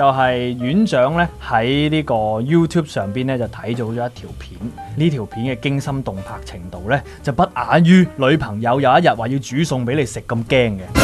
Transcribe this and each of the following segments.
就係院長咧喺呢個 YouTube 上邊咧就睇到咗一條片，呢條片嘅驚心動魄程度咧就不亞於女朋友有一日話要煮餸俾你食咁驚嘅。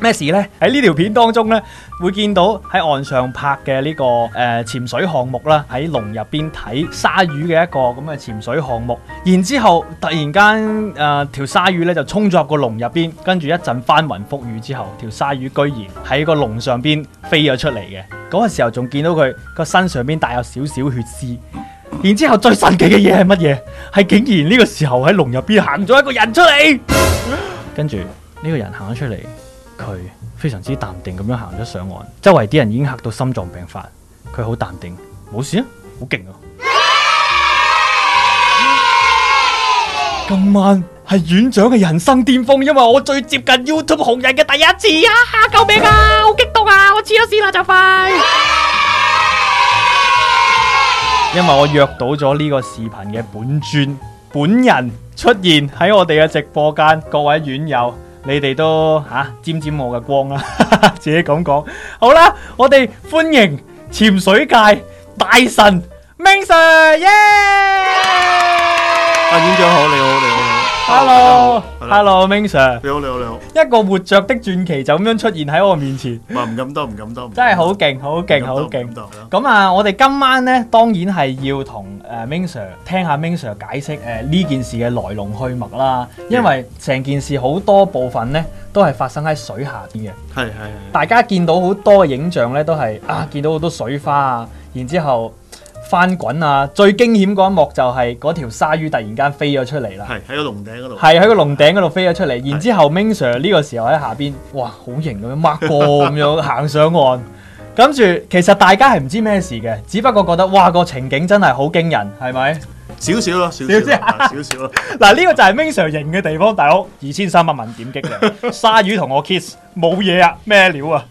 咩事呢？喺呢條片當中呢，會見到喺岸上拍嘅、呢、呢個誒潛、呃、水項目啦，喺籠入邊睇鯊魚嘅一個咁嘅潛水項目。然之後突然間誒條鯊魚呢就衝咗入個籠入邊，跟住一陣翻雲覆雨之後，條鯊魚居然喺個籠上邊飛咗出嚟嘅。嗰、嗰個時候仲見到佢個身上邊帶有少少血絲。然之後最神奇嘅嘢係乜嘢？係竟然呢個時候喺籠入邊行咗一個人出嚟。 跟住呢、呢個人行咗出嚟。.佢非常之淡定咁樣行咗上岸，周圍啲人已經嚇到心臟病發，佢好淡定，冇事啊，好勁啊！今晚係院長嘅人生巔峰，因為我最接近 YouTube 紅人嘅第一次啊，啊！救命啊，好激動啊，我黐咗屎啦就快！ 因為我約到咗呢個視頻嘅本尊本人出現喺我哋嘅直播間，各位院友。你哋都吓沾沾我嘅光啦，啊， 自己咁講好啦，我哋歡迎潛水界大神明 Sir，耶，yeah！Yeah! 啊，院長 Yeah! 好，你好，你好。Hello，Hello，Ming Sir 你好你好你好。一個活着的傳奇就咁樣出現喺我面前。唔敢多唔敢多，敢多敢多真係好勁好勁好勁。咁啊，我哋今晚咧，當然係要同誒、uh, Ming Sir 聽下 Ming Sir 解釋誒呢、uh, 件事嘅來龍去脈啦。嗯、因為成件事好多部分咧，都係發生喺水下邊嘅。係係的大家見到、啊、的見到好多嘅影像咧，都係啊，見到好多水花啊，然之後。翻滾啊！最驚險嗰一幕就係嗰條鯊魚突然間飛咗出嚟啦，係喺個龍頂嗰度，係喺個龍頂嗰度飛咗出嚟，的然之後 Ming Sir 呢個時候喺下邊，哇，好型咁樣抹過咁樣行上岸，跟住其實大家係唔知咩事嘅，只不過覺得哇個情景真係好驚人，係咪？少少咯， 少少，少少咯。嗱、這、呢個就係 Ming Sir 型嘅地方，大佬二千三百萬點擊嘅鯊魚同我 kiss 冇嘢啊，咩料啊！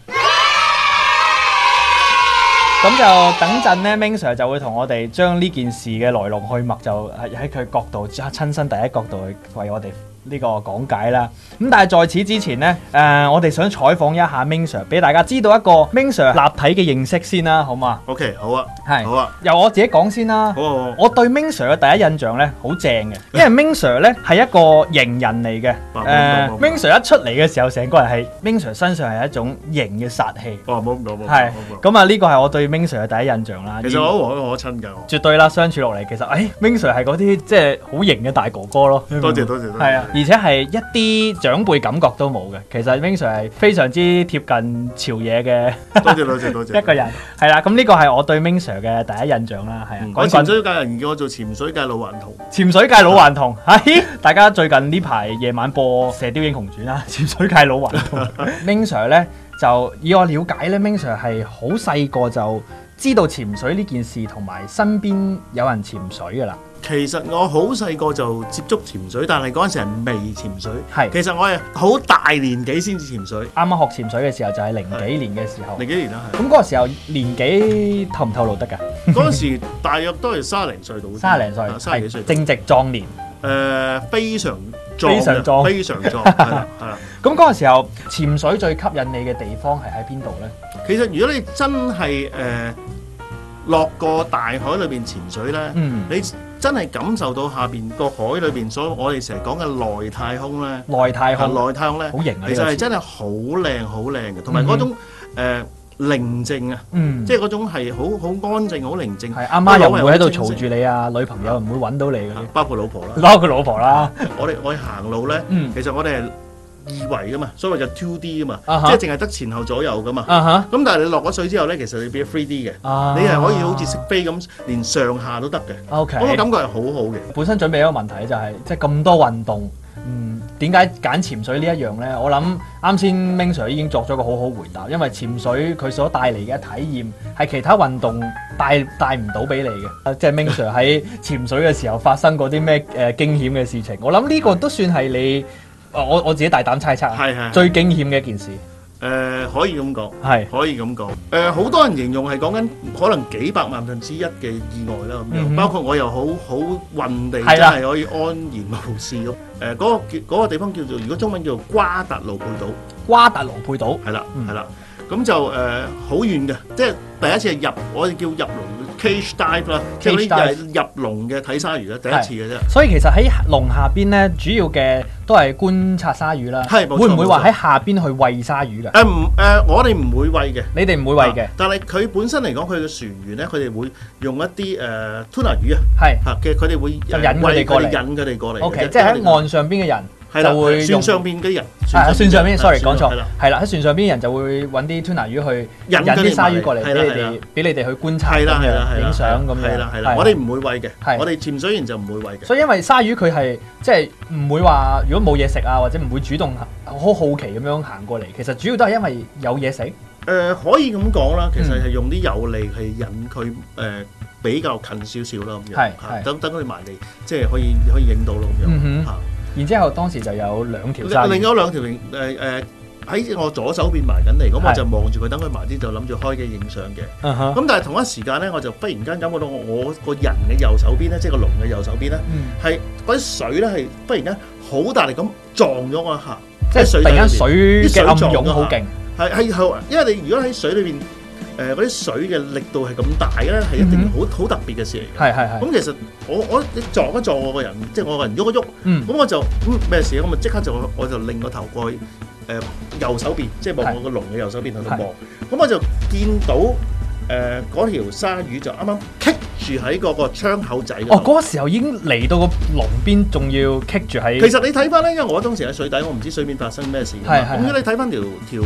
咁就等陣呢 Ming Sir 就會同我哋將呢件事嘅來龍去脈，就喺喺佢角度，即親身第一角度去為我哋。呢個講解啦，咁但係在此之前呢，誒我哋想採訪一下 Ming Sir，俾大家知道一個 Ming Sir 立體嘅認識先啦，好嘛？OK，好啊，係，好啊。由我自己講先啦，我對 Ming Sir 嘅第一印象呢，好正嘅，因為 Ming Sir 呢係一個型人嚟嘅，誒 Ming Sir 一出嚟嘅時候，成個人係 Ming Sir 身上係一種型嘅殺氣，係，咁啊呢個係我對 Ming Sir 嘅第一印象啦。其實好和藹可親㗎，絕對啦，相處落嚟其實，誒 Ming Sir 係嗰啲即係好型嘅大哥哥咯。多謝多謝，係啊。而且係一啲長輩感覺都冇嘅，其實 Ming Sir 係非常之貼近朝野嘅。多謝多謝多謝。一 個人係啦，咁呢個係我對 Ming Sir 嘅第一印象啦。係啊，我、嗯、然潛水界人叫我做潛水界老頑童。潛水界老頑童，係對 大家最近呢排夜晚播射《射雕英雄傳》啊，潛水界老頑童。 Ming Sir 咧就以我了解咧 Ming Sir 係好細個就。知道潛水呢件事同埋身邊有人潛水噶啦。其實我好細個就接觸潛水，但係嗰陣時係未潛水。係是，其實我係好大年紀先至潛水。啱啱學潛水嘅時候就係零幾年嘅時候。零幾年啦。咁嗰個時候年紀透唔透露得㗎？嗰陣時大約都係三十零歲到、 啊。三十零歲，三十幾歲。正值壯年。誒、呃，非常。非常壯，非常壯，係啦，係啦。咁嗰個時候潛水最吸引你嘅地方係喺邊度咧？其實如果你真係誒落過大海裏邊潛水咧，嗯，你真係感受到下邊個海裏邊，所以我哋成日講嘅內太空咧，內太空，內太空咧，好型啊！其實係真係好靚，好靚嘅，同埋嗰種誒。寧靜啊，即係嗰種係好好安靜、好寧靜。係，阿媽又唔會喺度嘈住你啊，女朋友唔會揾到你嗰啲，包括老婆啦。包括老婆啦，我哋我哋行路咧，其實我哋係二維噶嘛，所謂就 two D 噶嘛，即係淨係得前後左右噶嘛。咁但係你落咗水之後咧，其實你變咗 three D 嘅，你係可以好似食飛咁，連上下都得嘅。OK，我嘅感覺係好好嘅。本身準備一個問題就係，即係咁多運動。點解揀潛水呢一樣呢？我諗啱先 Ming Sir 已經作咗個好好回答，因為潛水佢所帶嚟嘅體驗係其他運動帶帶唔到俾你嘅。即係 Ming Sir 喺潛水嘅時候發生過啲咩誒驚險嘅事情？我諗呢個都算係你，我我自己大膽猜測，啊，係係係最驚險嘅一件事。誒、呃、可以咁講，係可以咁講。誒好、呃、多人形容係講緊可能幾百萬分之一嘅意外啦咁樣，嗯、哼包括我又好好運地的真係可以安然無事咯。誒、呃、嗰、那個叫嗰、那個、地方叫做，如果中文叫做瓜達盧佩島。瓜達盧佩島係啦，係啦的。咁、嗯、就誒好、呃、遠嘅，即係第一次係入，我哋叫入龍。Cage dive 啦，age 即係入籠嘅睇鯊魚咧，第一次嘅啫。所以其實喺籠下邊咧，主要嘅都係觀察鯊魚啦。係會唔會話喺下邊去餵鯊魚嘅？誒唔，誒，我哋唔會餵嘅。你哋唔會餵嘅、啊。但係佢本身嚟講，佢嘅船員咧，佢哋會用一啲誒吞拿魚是啊，係嚇嘅。佢哋會引佢哋過嚟，引佢哋過嚟。O Okay , K，即係喺岸上邊嘅人，就會船上邊嘅人係啊，船上邊，sorry，講錯，係啦，喺船上邊人就會揾啲吞拿魚去引啲鯊魚過嚟俾你哋，去觀察，係啦，係啦，係啦，我哋唔會餵嘅，我哋潛水員就唔會餵嘅。所以因為鯊魚佢係即係唔會話，如果冇嘢食啊，或者唔會主動好好奇咁樣行過嚟。其實主要都係因為有嘢食。誒，可以咁講啦，其實係用啲油嚟去引佢誒比較近少少啦咁樣，等等佢埋嚟，即係可以可以影到咯咁樣。然之後，當時就有兩條山，另嗰兩條誒誒喺我左手邊埋緊嚟，咁是我就望住佢，等佢埋啲，就諗住開機影相嘅。咁、uh huh. 但係同一時間咧，我就忽然間感覺到我我個人嘅右手邊咧，即係個龍嘅右手邊咧，係嗰啲水咧係忽然間好大力咁撞咗我一下，即係是水突然間水嘅暗湧好勁，係係、嗯、因為你如果喺水裏邊。誒嗰啲水嘅力度係咁大咧，係一定好好特別嘅事嚟嘅。係係係。咁其實我我你撞一撞我個人，即係我個人喐一喐，咁我就咩事？我咪即刻就我就擰個頭過去誒右手邊，即係望我個龍嘅右手邊喺度望。咁我就見到誒嗰條鯊魚就啱啱棘住喺嗰個窗口仔。哦，嗰時候已經嚟到個龍邊，仲要棘住喺。其實你睇翻咧，因為我當時喺水底，我唔知水面發生咩事。咁如果你睇翻條條。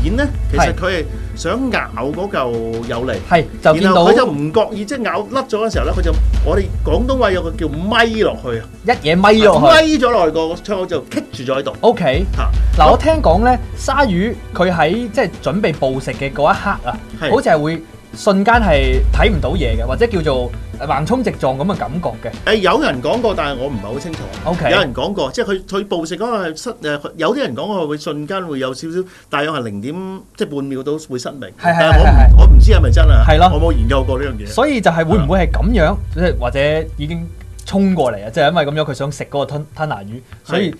片咧，其實佢係想咬嗰嚿有嚟，就見到然後佢就唔覺意即係咬甩咗嘅時候咧，佢就我哋廣東話有個叫咪落去啊，一嘢咪落去，下咪咗落去個窗口就棘住咗喺度。OK，嗱我聽講咧，鯊魚佢喺即係準備捕食嘅嗰一刻啊，是好似係會瞬間係睇唔到嘢嘅，或者叫做。橫衝直撞咁嘅感覺嘅，誒有人講過，但係我唔係好清楚。OK，有人講過，即係佢佢暴食嗰個係失誒，有啲人講過會、會瞬間會有少少，大約係零點即係半秒到會失明。係係，我唔我唔知係咪真啊？係咯，我冇研究過呢樣嘢。所以就係會唔會係咁樣，或者已經衝過嚟啊？即係因為咁樣，佢想食嗰個吞吞拿魚，所以。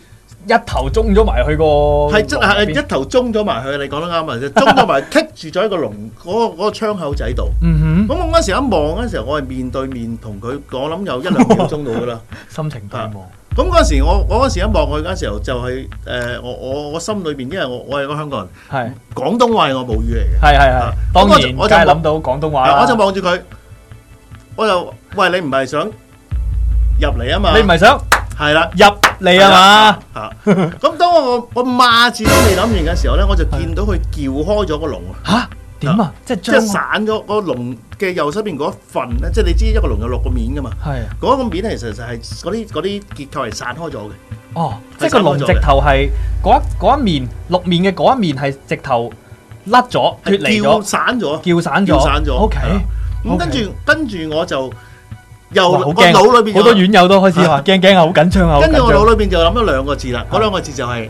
一頭中咗埋去個，係真係一頭中咗埋去，你講得啱啊！真中咗埋，棘住咗一個籠，嗰個嗰個窗口仔度。嗯哼。咁我嗰時一望嗰時候，我係面對面同佢，我諗有一兩點鐘到噶啦。心情盼望。咁嗰時我我嗰時一望佢嗰時候就係誒我我我心裏邊，因為我我係個香港人，係廣東話我母語嚟嘅，係係係。當然，我就諗到廣東話啦。我就望住佢，我就喂，你唔係想入嚟啊嘛？你唔係想？係啦，入嚟啊嘛，咁當我我罵字都未諗完嘅時候咧，我就見到佢撬開咗個籠啊！吓點啊？即係即係散咗個籠嘅右手邊嗰一份咧，即係你知一個籠有六個面噶嘛？係嗰個面其實就係嗰啲嗰啲結構係散開咗嘅。哦，即係個籠直頭係嗰一一面六面嘅嗰一面係直頭甩咗脫離咗，散咗，散咗，OK。咁跟住跟住我就。又我腦裏邊好多院友都開始話驚驚啊，好緊張啊！跟住我腦裏邊就諗咗兩個字啦，嗰兩個字就係，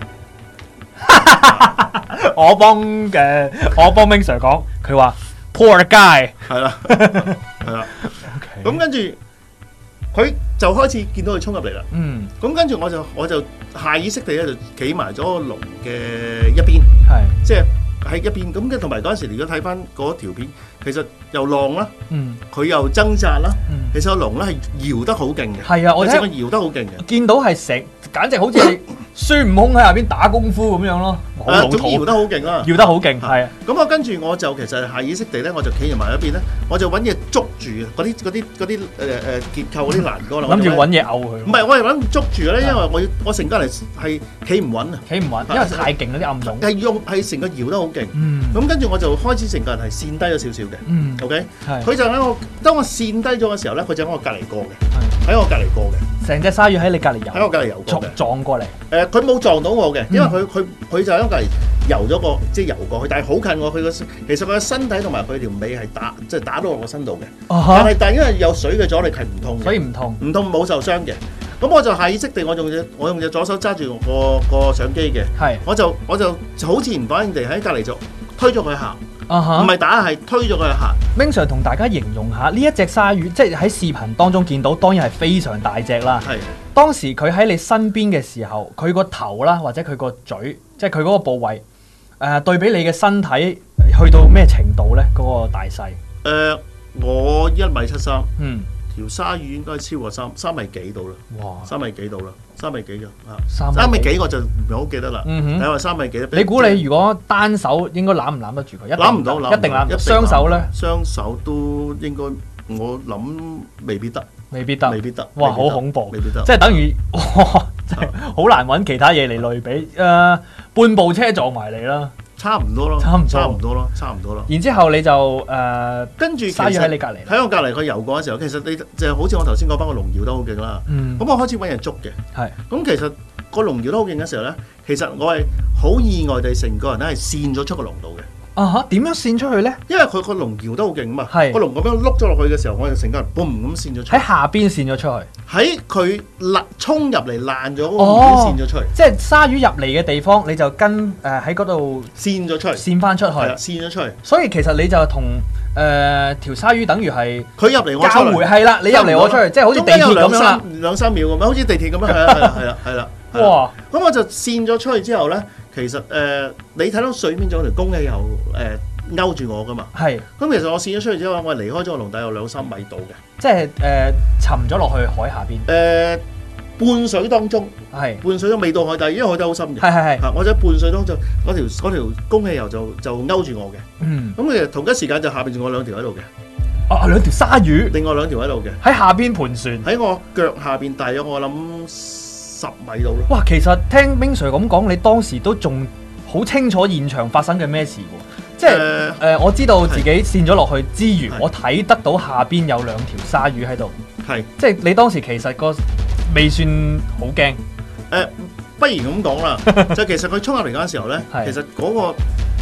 我幫嘅我幫 Ming Sir 講，佢話 Poor guy，係啦係啦，咁跟住佢就開始見到佢衝入嚟，啦，嗯，咁跟住我就我就下意識地咧就企埋咗個龍嘅一邊，係，即係喺一邊，咁跟同埋嗰陣時如果睇翻嗰條片。其實又浪啦，佢又掙扎啦，其實個龍咧係搖得好勁嘅，係啊，成個搖得好勁嘅，見到係成，簡直好似係孫悟空喺下邊打功夫咁樣咯，總之搖得好勁啊，搖得好勁，係啊，咁我跟住我就其實下意識地咧，我就企埋一邊咧，我就揾嘢捉住嗰啲啲啲誒誒結構嗰啲欄杆，諗住揾嘢嘔佢，唔係，我係諗捉住咧，因為我我成個人係企唔穩啊，企唔穩，因為太勁啦啲暗湧，係用係成個搖得好勁，嗯，咁跟住我就開始成個人係墊低咗少少。嗯，OK，係是，佢就喺我，當我跣低咗嘅時候咧，佢就喺我隔籬過嘅，喺是我隔籬過嘅，成隻鯊魚喺你隔籬游，喺我隔籬游過嘅，撞過嚟，誒、呃，佢冇撞到我嘅，因為佢佢佢就喺隔籬游咗個，即係游過去，但係好近我，佢個，其實佢嘅身體同埋佢條尾係打，即、就、係、是、打到我個身度嘅、哦哈，但係但係因為有水嘅阻力係唔痛，痛，所以唔痛，唔痛冇受傷嘅，咁我就下意識地我用隻我用隻左手揸住個個相機嘅，係是，我就我就好似唔反應地喺隔籬就推咗佢行。啊哈！唔係、uh huh. 打，係推咗佢行。明 Sir 同大家形容下呢一隻鯊魚，即係喺視頻當中見到，當然係非常大隻啦。係的當時佢喺你身邊嘅時候，佢個頭啦，或者佢個嘴，即係佢嗰個部位，誒、呃，對比你嘅身體去到咩程度呢？嗰、那個大細誒、呃，我一米七三，嗯，條鯊魚應該超過三三米幾到啦。哇，三米幾到啦。三米幾嘅，啊！三米幾我就唔係好記得啦。嗯哼，你話三米幾咧？你估你如果單手應該攬唔攬得住佢？攬唔到，攬一定攬唔到。雙手咧？雙手都應該，我諗未必得，未必得，未必得。哇！好恐怖，未必得。即係等於哇，即係好難揾其他嘢嚟類比。誒，半部車撞埋你啦！差唔多咯，差唔差唔多咯，差唔多咯。然之後你就誒、呃、跟住，鯊魚喺你隔離，喺我隔離，佢游過嘅時候，其實你就好似我頭先講翻個龍搖得好勁啦。咁、嗯、我開始揾人捉嘅，係。咁其實個龍搖得好勁嘅時候咧，其實我係好意外地成個人咧係跣咗出個龍道嘅。啊哈！點、uh huh, 樣扇出去咧？因為佢個龍搖得好勁啊嘛，是個龍咁樣碌咗落去嘅時候，我就成個人嘣咁扇咗出。喺下邊扇咗出去，喺佢勒衝入嚟爛咗，扇咗出去。出去 oh, 即係鯊魚入嚟嘅地方，你就跟誒喺嗰度扇咗出，扇翻出去，扇咗出。去。去去所以其實你就同。誒，條鯊、呃、魚等於係佢入嚟我出嚟，係啦回，吧你入嚟我出去，吧即係好似地鐵咁樣啦，兩三秒咁樣，好似地鐵咁樣，係啦係啦係啦，哇、嗯！咁我就跣咗出去之後咧，其實誒、呃，你睇到水面仲有條公嘅，又誒勾住我㗎嘛？係的。咁其實我跣咗出去之後，我離開咗個籠底有兩三米度嘅、嗯，即係誒、呃、沉咗落去海下邊。誒、呃。半水當中，係半水都未到海底，因為海底好深嘅。係係係，我喺半水當中，嗰條嗰條公氣油就就勾住我嘅。嗯，咁其實同一時間就下邊仲有兩條喺度嘅。啊啊，兩條鯊魚，另外兩條喺度嘅，喺下邊盤旋，喺我腳下邊大約我諗十米度咯。哇，其實聽 Ming Sir 咁講，你當時都仲好清楚現場發生嘅咩事喎？即係誒，我知道自己跣咗落去之餘，我睇得到下邊有兩條鯊魚喺度，係即係你當時其實個。未算好驚，誒，不如咁講啦，就其實佢衝入嚟嗰陣時候咧，其實嗰個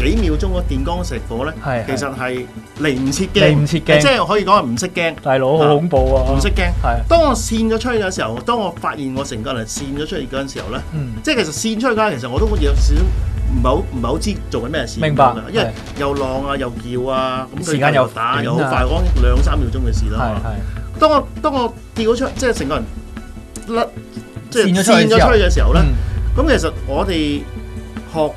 幾秒鐘嘅電光石火咧，其實係嚟唔切驚，嚟唔切驚，即係可以講係唔識驚。大佬好恐怖啊，唔識驚。當我扇咗出去嗰陣時候，當我發現我成個人扇咗出去嗰陣時候咧，即係其實扇出去架，其實我都有少少唔係好唔係好知做緊咩事。明白，因為又浪啊，又叫啊，咁時間又打又好快，講兩三秒鐘嘅事啦嘛。當我當我掉咗出，即係成個人。甩即係濺咗出去嘅時候咧，咁其實我哋學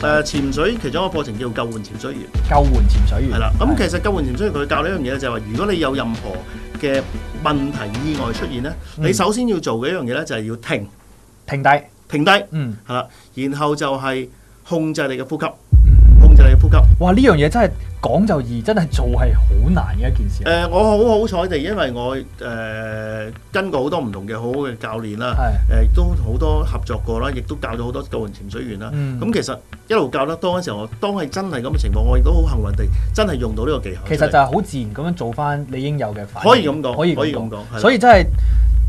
誒潛水其中一個課程叫救援潛水員，救援潛水員。係啦，咁其實救援潛水員佢教呢樣嘢咧，就係話如果你有任何嘅問題意外出現咧，你首先要做嘅一樣嘢咧，就係要停，停低，停低，嗯，係啦，然後就係控制你嘅呼吸。呼吸，哇！呢樣嘢真係講就易，真係做係好難嘅一件事。誒、呃，我好好彩地，因為我誒、呃、跟過好多唔同嘅好好嘅教練啦，係誒是、呃、都好多合作過啦，亦都教咗好多救援潛水員啦。咁、嗯、其實一路教得多嗰時候，我當係真係咁嘅情況，我亦都好幸運地真係用到呢個技巧。其實就係好自然咁樣做翻你應有嘅反應。可以咁講，可以可以咁講，以的所以真係。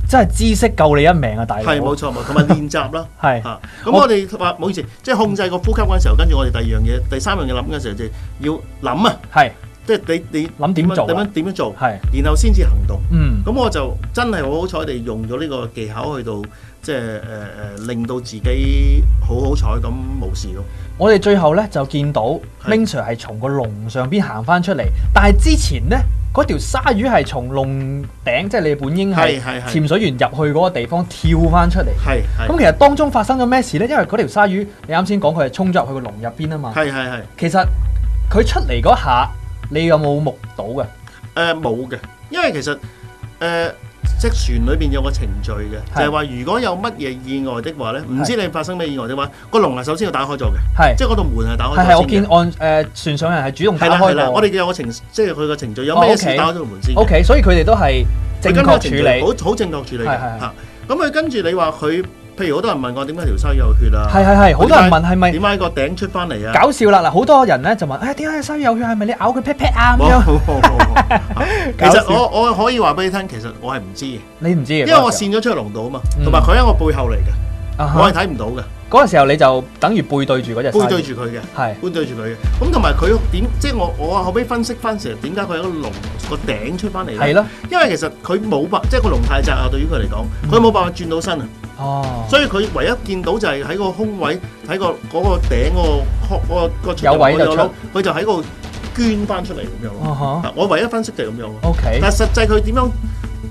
真係知識救你一命啊！大哥，係冇錯，同埋練習啦。係啊，咁我哋唔好意思，即係控制個呼吸嗰陣時候，跟住我哋第二樣嘢、第三樣嘢諗嘅時候就，就要諗啊。係，即係你你諗點做啊？點樣點樣做？係，是然後先至行動。嗯，咁我就真係好好彩哋用咗呢個技巧去到，即係誒誒，令到自己好好彩咁冇事咯。我哋最後咧就見到 Ling Sir 係從個籠上邊行翻出嚟，但係之前咧。嗰條鯊魚係從籠頂，即係你本應係潛水員入去嗰個地方跳翻出嚟。係係，咁其實當中發生咗咩事呢？因為嗰條鯊魚，你啱先講佢係衝咗入去個籠入邊啊嘛。係係係。其實佢出嚟嗰下，你有冇目睹嘅？誒冇嘅，因為其實誒。呃即船裏邊有個程序嘅，是就係話如果有乜嘢意外的話咧，唔知你發生咩意外的話，是的話那個籠係首先要打開咗嘅，係是即係嗰道門係打開的。係係的，我見按、嗯呃、船上人係主動打開。係啦係啦，我哋有個程即係佢個程序，有咩事打開咗個門先。哦、o、okay, K，、okay, 所以佢哋都係正確處理，好好正確處理嘅嚇。咁佢跟住你話佢。譬如好多人問我點解條犀有血啊？係係係，好多人問係咪點解個頂出翻嚟啊？搞笑啦！嗱，好多人咧就問，誒點解條犀有血？係咪你咬佢劈劈啊？咁 樣 其。其實我我可以話俾你聽，其實我係唔知嘅。你唔知嘅。因為我扇咗出去龍島啊嘛，同埋佢喺我背後嚟嘅。我係睇唔到嘅。嗰個時候你就等於背對住嗰隻，是背對住佢嘅，係背對住佢嘅。咁同埋佢點？即係我我後尾分析翻成日點解佢有個龍個頂出翻嚟？係咯，因為其實佢冇辦，即係個龍太窄啊。對於佢嚟講，佢冇辦法轉到身啊。哦，所以佢唯一見到就係喺個空位，喺、嗰個嗰、嗰個頂嗰、嗰個殼、嗰個位個牆佢就喺度捐翻出嚟咁樣、啊、哈 我唯一分析就係咁樣。okay 但實際佢點樣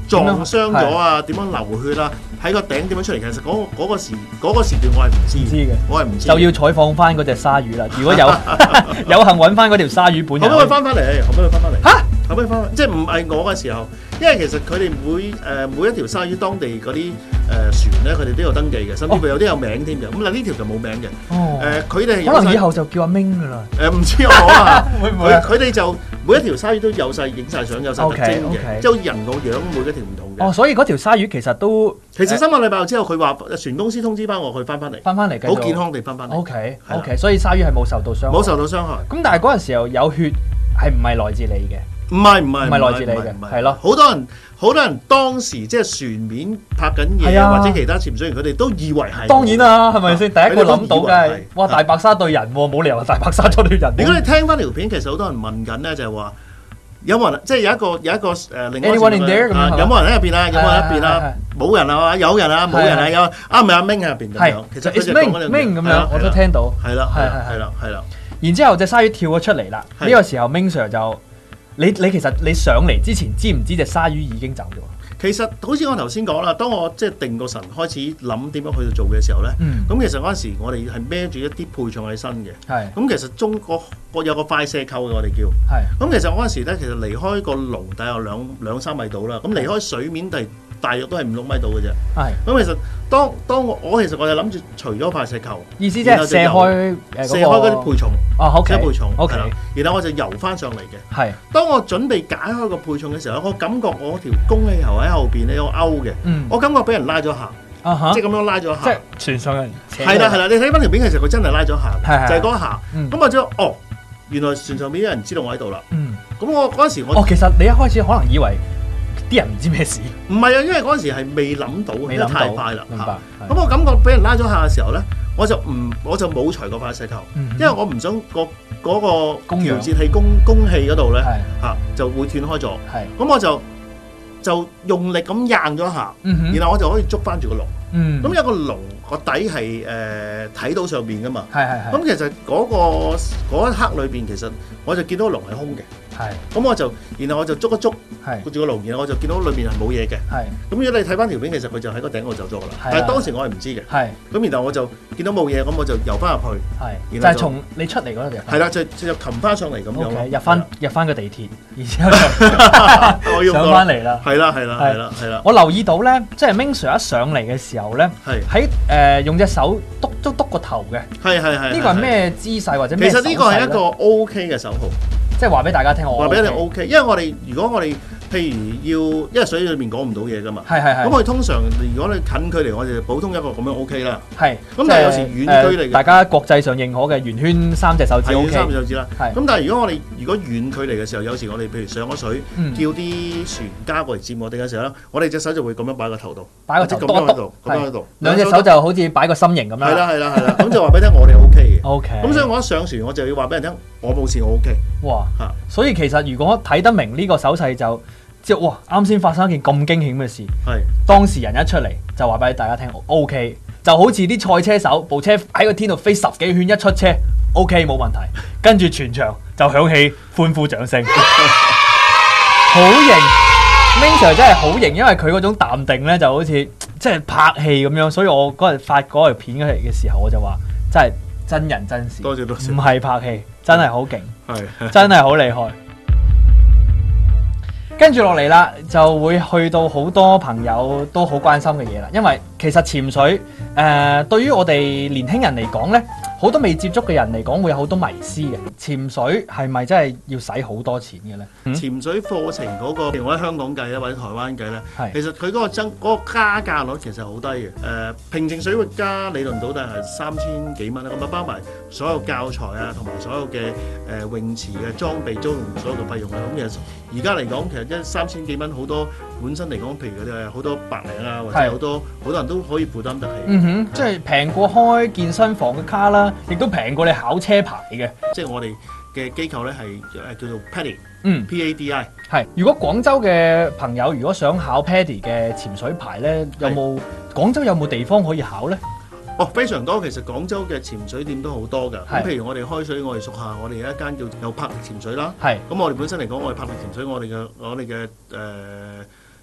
撞傷咗啊？點樣，樣流血啊？喺個頂點樣出嚟？其實嗰嗰個，嗰個時段我，我係唔知嘅。我係唔知就要採訪翻嗰隻鯊魚啦！如果有 有幸揾翻嗰條鯊魚本可以可以嚟，後尾佢翻翻嚟，後尾佢翻翻嚟，嚇！後尾佢翻翻，即係唔係我嘅時候。因為其實佢哋每誒每一條鯊魚，當地嗰啲誒船咧，佢哋都有登記嘅，甚至佢有啲有名添嘅。咁嗱呢條就冇名嘅。哦。誒，佢哋可能以後就叫阿 Ming 噶啦。誒，唔知我啊，會唔會啊？佢哋就每一條鯊魚都有晒影晒相，有晒特徵嘅，即係人個樣每一條唔同嘅。哦，所以嗰條鯊魚其實都其實三個禮拜之後，佢話船公司通知翻我去翻翻嚟，翻翻嚟，嘅。好健康地翻翻嚟。O K，O K，所以鯊魚係冇受到傷害。冇受到傷害。咁但係嗰陣時候有血。係唔係來自你嘅？唔係唔係唔係來自你嘅，唔係係咯。好多人好多人當時即係船面拍緊嘢啊，或者其他潛水員，佢哋都以為係當然啦，係咪先？第一個諗到嘅係：哇，大白鯊對人喎，冇理由大白鯊捉對人。如果你聽翻條片，其實好多人問緊咧，就係話有冇人？即係有一個有一個誒，另一個攝影師咁樣有冇人喺入邊啊？有冇人喺入邊啊？冇人啊嘛？有人啊？冇人啊？有啊？唔係阿 Ming 喺入邊咁樣？其實是 Ming Ming 咁樣，我都聽到。係啦，係係係啦，係啦。然之後，隻鯊魚跳咗出嚟啦！呢是個時候，Ming Sir 就你你其實你上嚟之前，知唔知隻鯊魚已經走咗？其實，好似我頭先講啦，當我即係定個神，開始諗點樣去到做嘅時候咧，咁、嗯、其實嗰陣時我是，我哋係孭住一啲配重喺身嘅。係咁是，其實中個個有個快射扣嘅，我哋叫係。咁其實嗰陣時咧，其實離開個籠底有兩兩三米度啦。咁離開水面第。哦大約都係五六米度嘅啫。係。咁其實當當我我其實我係諗住除咗塊石球，意思即係射開射開嗰啲配重，即係配重係啦。然後我就游翻上嚟嘅。係。當我準備解開個配重嘅時候，我感覺我條供氣喉喺後邊咧，有勾嘅。我感覺俾人拉咗下。即係咁樣拉咗下。即係船上嘅人。係啦係啦，你睇翻條片嘅時候，佢真係拉咗下。就係嗰下。咁我就哦，原來船上邊啲人知道我喺度啦。咁我嗰時我哦，其實你一開始可能以為。啲人唔知咩事，唔係啊，因為嗰時係未諗到，諗得太快啦嚇。咁我感覺俾人拉咗下嘅時候咧，我就唔，我就冇除嗰塊石頭，因為我唔想個嗰個調節係供供氣嗰度咧嚇就會斷開咗。咁我就就用力咁硬咗一下，然後我就可以捉翻住個籠。咁有個籠個底係誒睇到上邊㗎嘛。咁其實嗰個嗰一刻裏邊，其實我就見到籠係空嘅。係，咁我就，然後我就捉一捉，捉住個爐，然後我就見到裏面係冇嘢嘅。係，咁如果你睇翻條片，其實佢就喺個頂嗰度走咗噶啦。但係當時我係唔知嘅。係，咁然後我就見到冇嘢，咁我就遊翻入去。係，就係從你出嚟嗰度。係啦，就就就擒翻上嚟咁樣。入翻入翻個地鐵，然之後我要上翻嚟啦。係啦，係啦，係啦，係啦。我留意到咧，即係 Ming Sir 一上嚟嘅時候咧，係喺誒用隻手篤篤篤個頭嘅。係係係。呢個係咩姿勢或者咩？其實呢個係一個 O K 嘅手號。即係話俾大家聽，我話俾你 O K，因為我哋如果我哋譬如要，因為水裏面講唔到嘢噶嘛，係係係。咁我哋通常，如果你近距離，我哋普通一個咁樣 O K 啦。係。咁但係有時遠距離，大家國際上認可嘅圓圈三隻手指 O K。三隻手指啦。咁但係如果我哋如果遠距離嘅時候，有時我哋譬如上咗水，叫啲船家過嚟接我哋嘅時候咧，我哋隻手就會咁樣擺個頭度，擺個直多喺度，多喺度。兩隻手就好似擺個心形咁樣。係啦係啦係啦。咁就話俾你聽，我哋 O K 嘅。O K。咁所以我一上船，我就要話俾人聽。我冇事我 OK，哇，所以其實如果睇得明呢個手勢就即係哇，啱先發生一件咁驚險嘅事，係是當事人一出嚟就話俾大家聽 OK，就好似啲賽車手部車喺個天度飛十幾圈一出車 OK 冇問題，跟住全場就響起歡呼掌聲，好型 Ming Sir 真係好型，因為佢嗰種淡定咧就好似即係拍戲咁樣，所以我嗰日發嗰條片嘅時候我就話真係真人真事，多謝多謝，唔係拍戲。真係好勁，真係好厲害。跟住落嚟啦，就會去到好多朋友都好關心嘅嘢啦。因為其實潛水誒、呃，對於我哋年輕人嚟講呢。好多未接觸嘅人嚟講，會有好多迷思嘅。潛水係咪真係要使好多錢嘅咧？潛水課程嗰、那個，無論喺香港計啊，或者台灣計咧，是其實佢嗰個增嗰、那個、加價率其實好低嘅。誒、呃，平靜水域加理論到底係三千幾蚊啦。咁啊，包埋所有教材啊，同埋所有嘅誒、呃、泳池嘅裝備租用所有嘅費用咧，咁嘅。而家嚟講，其實一三千幾蚊好多，本身嚟講，譬如嗰啲係好多白領啊，或者好多好的多人都可以負擔得起。嗯哼，的即係平過開健身房嘅卡啦，亦都平過你考車牌嘅。即係我哋嘅機構咧係誒叫做 PADI，嗯。嗯，PADI 係。如果廣州嘅朋友如果想考 PADI 嘅潛水牌咧，有冇的廣州有冇地方可以考咧？哦，非常多。其實廣州嘅潛水店都好多㗎。咁是譬如我哋開水，我哋屬下，我哋有一間叫有拍潛水啦。咁是我哋本身嚟講，我哋拍潛水，我哋嘅我哋嘅誒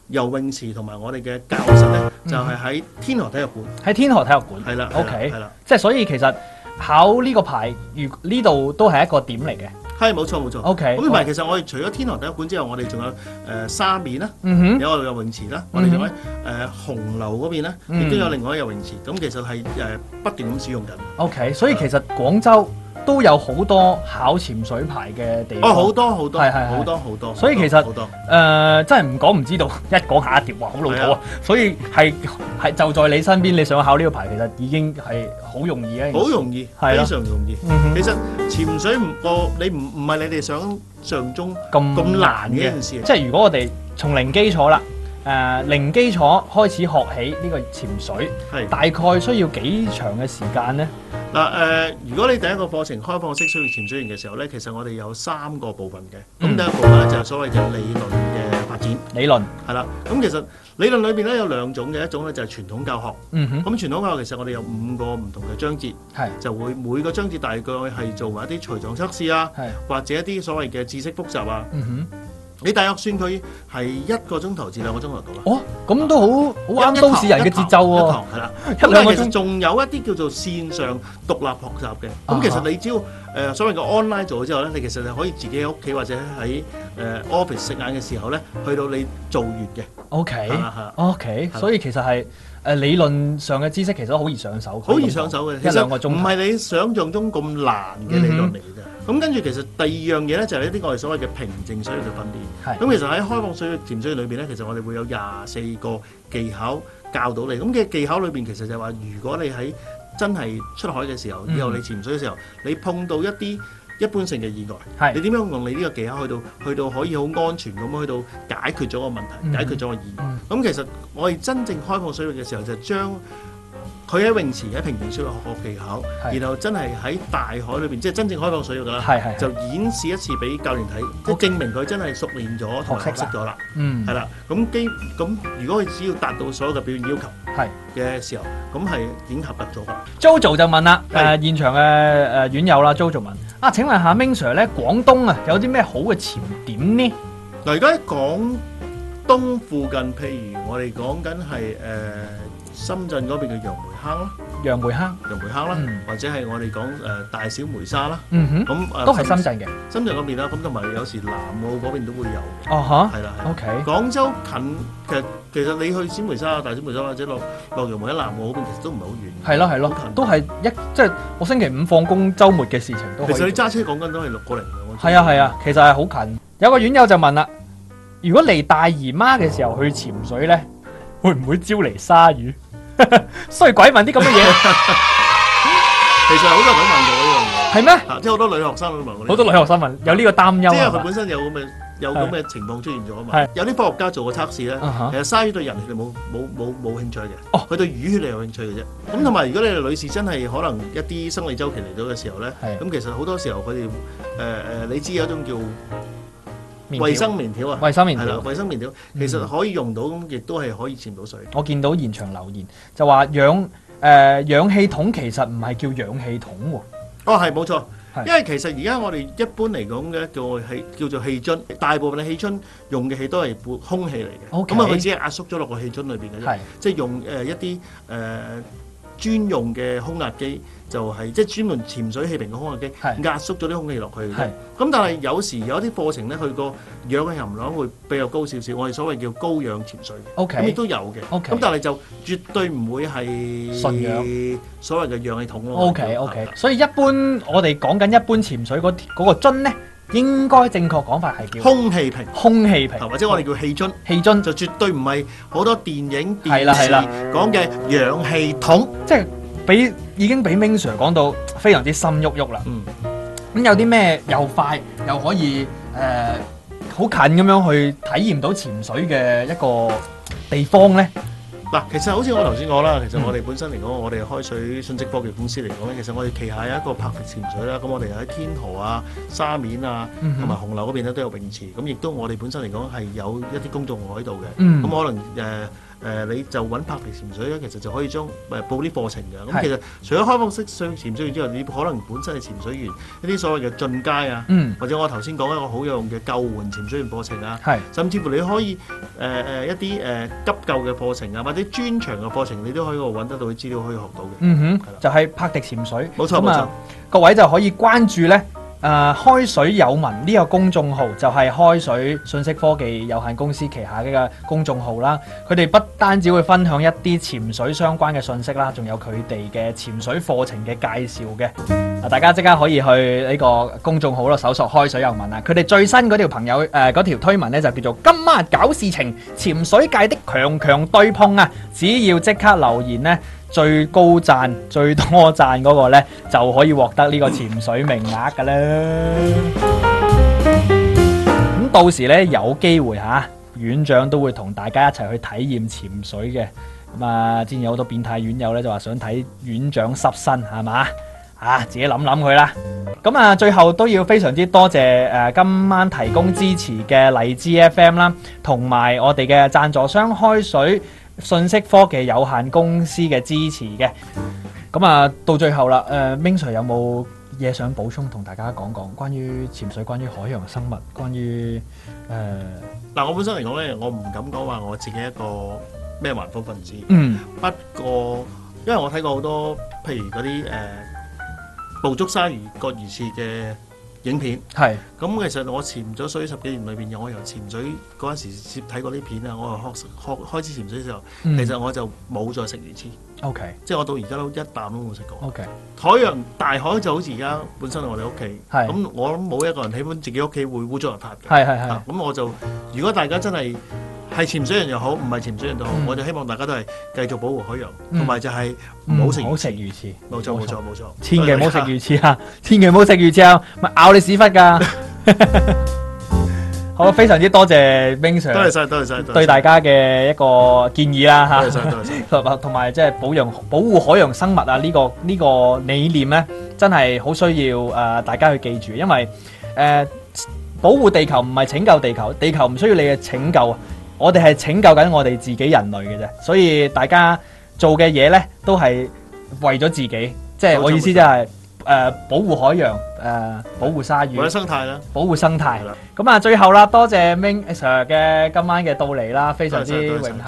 游泳池同埋我哋嘅教室咧，就係、是、喺天河體育館。喺天河體育館。係啦了。O Okay , K。係啦。即係所以其實考呢個牌，如呢度都係一個點嚟嘅。係，冇錯冇錯，OK。咁同埋其實我哋除咗天河第一館之外，我哋仲有誒沙面啦，mm hmm. 有個游泳池啦，mm hmm. 我哋仲喺誒紅樓嗰邊啦，亦都有另外一個游泳池。咁、mm hmm. 其實係誒不斷咁使用緊。OK，所以其實廣州，都有好多考潛水牌嘅地方。好多好多，係係，好多好多。所以其實誒，真係唔講唔知道，一講嚇一跳哇，好老土啊！所以係係就在你身邊，你想考呢個牌，其實已經係好容易啊。好容易，係，非常容易。其實潛水唔個你唔唔係你哋想像中咁咁難嘅事。即係如果我哋從零基礎啦，誒零基礎開始學起呢個潛水，係大概需要幾長嘅時間咧？啊、uh, 呃、如果你第一個課程開放式水域潛水員嘅時候呢，其實我哋有三個部分嘅。咁第一部分呢就係、是、所謂嘅理論嘅發展。理論係啦。咁其實理論裏邊呢，有兩種嘅，一種呢，就係傳統教學。咁、嗯、哼傳統教學其實我哋有五個唔同嘅章節。係是。就會每個章節大概係做埋一啲隨堂測試啊，是或者一啲所謂嘅知識複習啊。嗯你大約算佢係一個鐘頭至兩個鐘頭到啦。哦，咁都好，好啱都市人嘅節奏喎。係啦，一兩個鐘仲有一啲叫做線上獨立學習嘅。咁其實你只要誒所謂嘅 online 做咗之後咧，你其實係可以自己喺屋企或者喺誒 office 食晏嘅時候咧，去到你做完嘅。OK，OK。所以其實係誒理論上嘅知識其實好易上手，好易上手嘅。其實唔係你想像中咁難嘅理論嚟。咁、嗯、跟住其實第二樣嘢呢，就係一啲我哋所謂嘅「平靜水域」嘅訓練。咁、嗯、其實喺開放水域潛水裏邊呢，其實我哋會有廿四個技巧教到你。咁嘅技巧裏邊其實就係話，如果你喺真係出海嘅時候，以後你潛水嘅時候，你碰到一啲一般性嘅意外，是你點樣用你呢個技巧去到去到可以好安全咁去到解決咗個問題，嗯、解決咗個意外？咁其實我哋真正開放水域嘅時候就將、嗯。佢喺泳池喺平原上學學技巧，的然後真係喺大海裏邊，即係真正開放水域㗎啦，的就演示一次俾教練睇，即係 Okay. 證明佢真係熟練咗同埋學識咗啦，係啦，咁、嗯、基咁如果佢只要達到所有嘅表現要求嘅時候，咁係的已經合格咗㗎。Jojo 就問啦，誒的、呃、現場嘅誒遠友啦，Jojo 問啊，請問下 Ming Sir 咧，廣東啊有啲咩好嘅潛點呢？嗱而家廣東附近，譬如我哋講緊係誒深圳嗰邊嘅楊梅坑咯，楊梅坑、楊梅坑啦，嗯、或者係我哋講誒大小梅沙啦。咁、嗯哼嗯、都係深圳嘅。深圳嗰邊啦，咁同埋有時南澳嗰邊都會有。哦、啊、哈，係啦。O K。Okay. 廣州近其實其實你去小梅沙啊、大小梅沙或者落落楊梅喺南澳嗰邊，其實都唔係好遠。係咯係咯，都係一即係我星期五放工、週末嘅事情都可以。其實你揸車講緊都係六個零兩個。係啊係啊，其實係好近。有個院友就問啦：如果嚟大姨媽嘅時候去潛水咧，會唔會招嚟鯊魚？衰鬼問啲咁嘅嘢，其實好多人都問過呢樣嘢，係咩？即係好多女學生都問，好多女學生問有呢個擔憂，即係佢本身有咁嘅有咁嘅情況出現咗啊嘛。係有啲科學家做過測試咧，其實鯊魚對人係冇冇冇冇興趣嘅，哦，佢對魚血嚟有興趣嘅啫。咁同埋如果你哋女士真係可能一啲生理週期嚟到嘅時候咧，咁其實好多時候佢哋誒誒，你知有一種叫。衛生棉條啊，衛生棉條，衛的生棉條，嗯、其實可以用到，亦都係可以潛到水。我見到現場留言就話氧，誒氧氣筒其實唔係叫氧氣筒喎、啊。哦，係冇錯，錯是因為其實而家我哋一般嚟講嘅叫氣，叫做氣樽。大部分嘅氣樽用嘅氣都係空氣嚟嘅，咁啊佢只係壓縮咗落個氣樽裏邊嘅啫。是即係用誒、呃、一啲誒專用嘅空壓機。就係即係專門潛水氣瓶嘅空壓機，壓縮咗啲空氣落去。咁但係有時有啲課程咧，佢個氧氣含量會比較高少少，我哋所謂叫高氧潛水。咁亦都有嘅。咁但係就絕對唔會係純氧，所謂嘅氧氣桶咯。所以一般我哋講緊一般潛水嗰嗰個樽咧，應該正確講法係叫空氣瓶，空氣瓶或者我哋叫氣樽，氣樽就絕對唔係好多電影電視講嘅氧氣筒，即係。俾已經俾明 Sir 講到非常之心喐喐啦。嗯，咁、嗯、有啲咩又快又可以誒好、呃、近咁樣去體驗到潛水嘅一個地方咧？嗱，其實好似我頭先講啦，其實我哋本身嚟講，我哋開水信息科技公司嚟講咧，其實我哋旗下有一個拍福潛水啦。咁我哋喺天河啊、沙面啊同埋紅樓嗰邊咧都有泳池。咁亦都我哋本身嚟講係有一啲公眾河喺度嘅。嗯，咁可能誒。呃誒、呃、你就揾帕迪潛水咧，其實就可以將誒、呃、報啲課程嘅。咁是其實除咗開放式相潛水員之外，你可能本身係潛水員一啲所謂嘅進階啊，嗯、或者我頭先講一個好有用嘅救援潛水員課程啊，是甚至乎你可以誒誒、呃呃、一啲誒、呃、急救嘅課程啊，或者專長嘅課程，你都可以度揾得到啲資料可以學到嘅。嗯哼，吧就係帕迪潛水，冇錯冇錯，那麼各位就可以關注咧。誒、呃、開水有文呢個公眾號就係開水信息科技有限公司旗下嘅公眾號啦。佢哋不單止會分享一啲潛水相關嘅信息啦，仲有佢哋嘅潛水課程嘅介紹嘅。啊，大家即刻可以去呢個公眾號咯，搜索開水有文啊。佢哋最新嗰條朋友誒嗰、呃、條推文呢，就叫做今晚搞事情，潛水界的強強對碰啊！只要即刻留言呢，最高讚最多讚嗰個呢，就可以獲得呢個潛水名額噶啦。咁到時呢，有機會嚇、啊，院長都會同大家一齊去體驗潛水嘅。咁啊，之前有好多變態院友呢，就話想睇院長濕身，係嘛啊？自己諗諗佢啦。咁啊，最後都要非常之多謝誒、呃、今晚提供支持嘅荔枝 FM 啦，同埋我哋嘅贊助商開水信息科技有限公司嘅支持嘅，咁啊到最後啦，誒 MingSir 有冇嘢想補充同大家講講關於潛水、關於海洋生物、關於誒？嗱、呃、我本身嚟講咧，我唔敢講話我自己一個咩環保分子，嗯，不過因為我睇過好多譬如嗰啲誒，捕捉鯊魚割魚翅嘅。影片係，咁是其實我潛咗水十幾年裏邊，我由潛水嗰陣時接睇過啲片啊，我學學開始潛水嘅時候，嗯、其實我就冇再食魚翅，OK，即係我到而家都一啖都冇食過。OK，海洋大海就好似而家本身我哋屋企，咁、嗯、我諗我冇一個人喜歡自己屋企會污糟邋遢嘅，係係咁我就如果大家真係，係潛水人又好，唔係潛水人都好，我就希望大家都係繼續保護海洋，同埋就係唔好食魚翅。冇錯冇錯冇錯，千祈唔好食魚翅啊！千祈唔好食魚翅啊！咪咬你屎忽噶！好，非常之多謝冰 Sir，多謝晒，多謝晒，對大家嘅一個建議啦吓，同埋即係保養、保護海洋生物啊！呢個呢個理念咧，真係好需要誒大家去記住，因為誒保護地球唔係拯救地球，地球唔需要你嘅拯救啊！我哋係拯救緊我哋自己人類嘅啫，所以大家做嘅嘢咧都係為咗自己，即係我意思即係誒保護海洋，誒保護鯊魚，保護生態啦，保護生態。咁啊，最後啦，多謝 Ming Sir 嘅今晚嘅到嚟啦，非常之榮幸。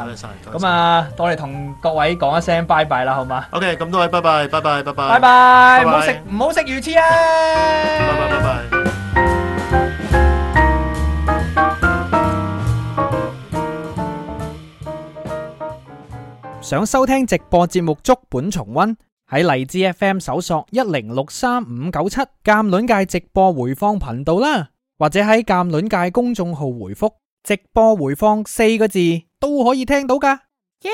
咁啊，多謝同各位講一聲拜拜啦，好嘛？OK，咁多位拜拜，拜拜，拜拜，拜拜，唔好食唔好食魚翅啊！拜拜，拜拜。想收聽直播節目《足本重溫》，喺荔枝 FM 搜索一零六三五九七《鑒論界》直播回放頻道啦，或者喺《鑒論界》公眾號回覆“直播回放”四個字都可以聽到噶。耶！